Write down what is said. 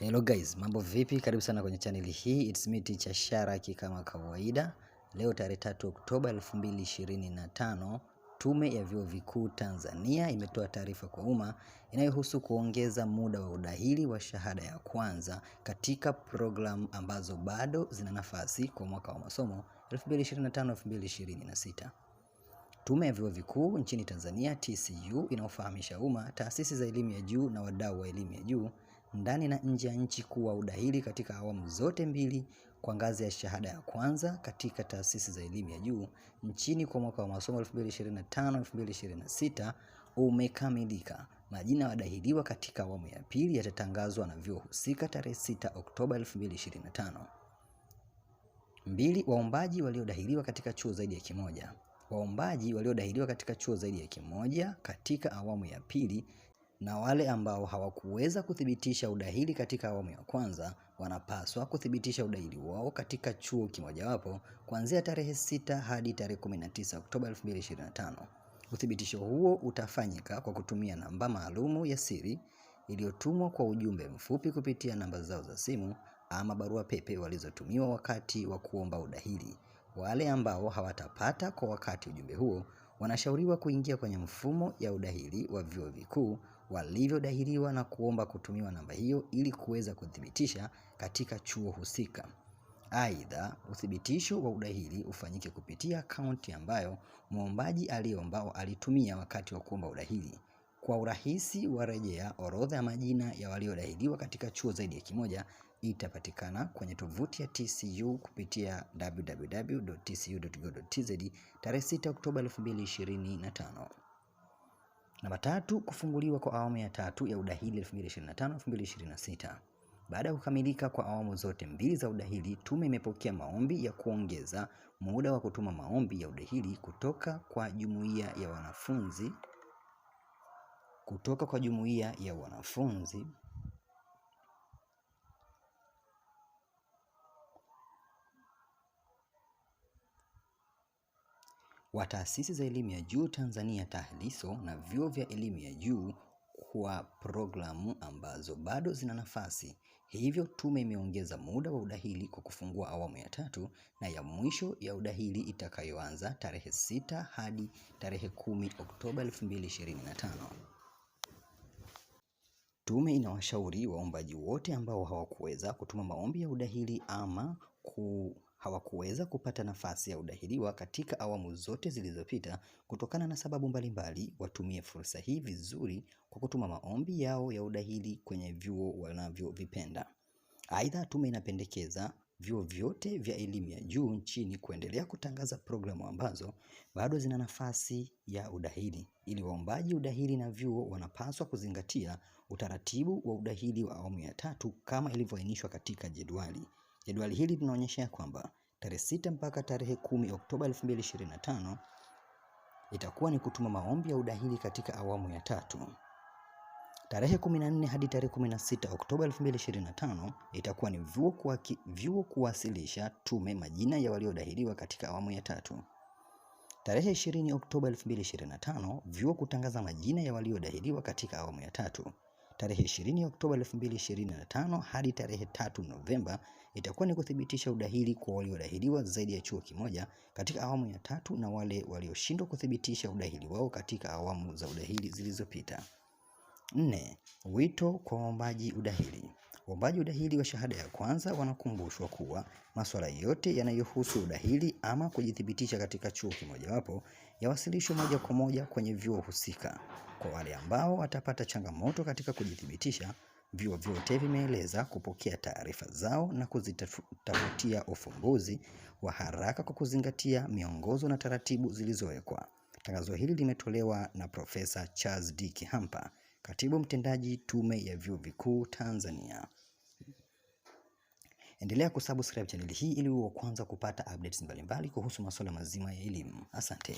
Hello guys, mambo vipi? Karibu sana kwenye chaneli hii. It's me teacher Sharaki kama kawaida. Leo tarehe 3 Oktoba 2025, Tume ya Vyuo Vikuu Tanzania imetoa taarifa kwa umma inayohusu kuongeza muda wa udahili wa shahada ya kwanza katika programu ambazo bado zina nafasi kwa mwaka wa masomo 2025-2026. Tume ya Vyuo Vikuu nchini Tanzania TCU inaofahamisha umma, taasisi za elimu ya juu na wadau wa elimu ya juu ndani na nje ya nchi kuwa udahili katika awamu zote mbili kwa ngazi ya shahada ya kwanza katika taasisi za elimu ya juu nchini kwa mwaka wa masomo 2025-2026 umekamilika. Majina wadahiliwa katika awamu ya pili yatatangazwa na vyuo husika tarehe 6 Oktoba 2025. Mbili, waombaji waliodahiliwa katika chuo zaidi ya kimoja. Waombaji waliodahiliwa katika chuo zaidi ya kimoja katika awamu ya pili na wale ambao hawakuweza kuthibitisha udahili katika awamu ya kwanza wanapaswa kuthibitisha udahili wao katika chuo kimojawapo kuanzia tarehe 6 hadi tarehe 19 Oktoba 2025. Uthibitisho huo utafanyika kwa kutumia namba maalumu ya siri iliyotumwa kwa ujumbe mfupi kupitia namba zao za simu ama barua pepe walizotumiwa wakati wa kuomba udahili. Wale ambao hawatapata kwa wakati ujumbe huo wanashauriwa kuingia kwenye mfumo ya udahili wa vyuo vikuu walivyodahiliwa na kuomba kutumiwa namba hiyo ili kuweza kuthibitisha katika chuo husika. Aidha, uthibitisho wa udahili ufanyike kupitia akaunti ambayo mwombaji aliyeomba alitumia wakati wa kuomba udahili. Kwa urahisi wa rejea, orodha ya majina ya waliodahiliwa katika chuo zaidi ya kimoja itapatikana kwenye tovuti ya TCU kupitia www.tcu.go.tz tarehe 6 Oktoba 2025. Namba tatu, kufunguliwa kwa awamu ya tatu ya udahili 2025-2026. Baada ya kukamilika kwa awamu zote mbili za udahili, tume imepokea maombi ya kuongeza muda wa kutuma maombi ya udahili kutoka kwa jumuiya ya wanafunzi kutoka kwa jumuiya ya wanafunzi wa taasisi za elimu ya juu Tanzania TAHLISO na vyuo vya elimu ya juu kwa programu ambazo bado zina nafasi. Hivyo tume imeongeza muda wa udahili kwa kufungua awamu ya tatu na ya mwisho ya udahili itakayoanza tarehe sita hadi tarehe kumi Oktoba 2025. Tume inawashauri waombaji wote ambao hawakuweza kutuma maombi ya udahili ama ku hawakuweza kupata nafasi ya udahiliwa katika awamu zote zilizopita kutokana na sababu mbalimbali, watumie fursa hii vizuri kwa kutuma maombi yao ya udahili kwenye vyuo wanavyovipenda. Aidha, tume inapendekeza vyuo vyote vya elimu ya juu nchini kuendelea kutangaza programu ambazo bado zina nafasi ya udahili, ili waombaji udahili na vyuo wanapaswa kuzingatia utaratibu wa udahili wa awamu ya tatu kama ilivyoainishwa katika jedwali. Jedwali hili linaonyesha kwamba tarehe sita mpaka tarehe kumi Oktoba 2025 itakuwa ni kutuma maombi ya udahili katika awamu ya tatu. Tarehe 14 hadi tarehe 16 Oktoba 2025 itakuwa ni vyuo, kwa vyuo kuwasilisha tume majina ya waliodahiliwa katika awamu ya tatu. Tarehe 20 Oktoba 2025 vyuo kutangaza majina ya waliodahiliwa katika awamu ya tatu tarehe 20 Oktoba 2025 hadi tarehe 3 Novemba itakuwa ni kuthibitisha udahili kwa waliodahiliwa zaidi ya chuo kimoja katika awamu ya tatu na wale walioshindwa kuthibitisha udahili wao katika awamu za udahili zilizopita. 4. Wito kwa waombaji udahili. Waombaji udahili wa shahada ya kwanza wanakumbushwa kuwa masuala yote yanayohusu udahili ama kujithibitisha katika chuo kimojawapo yawasilishwe moja kwa moja kwenye vyuo husika. Kwa wale ambao watapata changamoto katika kujithibitisha, vyuo vyote vimeeleza kupokea taarifa zao na kuzitafutia ufumbuzi wa haraka kwa kuzingatia miongozo na taratibu zilizowekwa. Tangazo hili limetolewa na Profesa Charles D. Kihampa, katibu mtendaji Tume ya Vyuo Vikuu Tanzania. Endelea kusubscribe channel hii ili uwe wa kwanza kupata updates mbalimbali kuhusu masuala mazima ya elimu. Asante.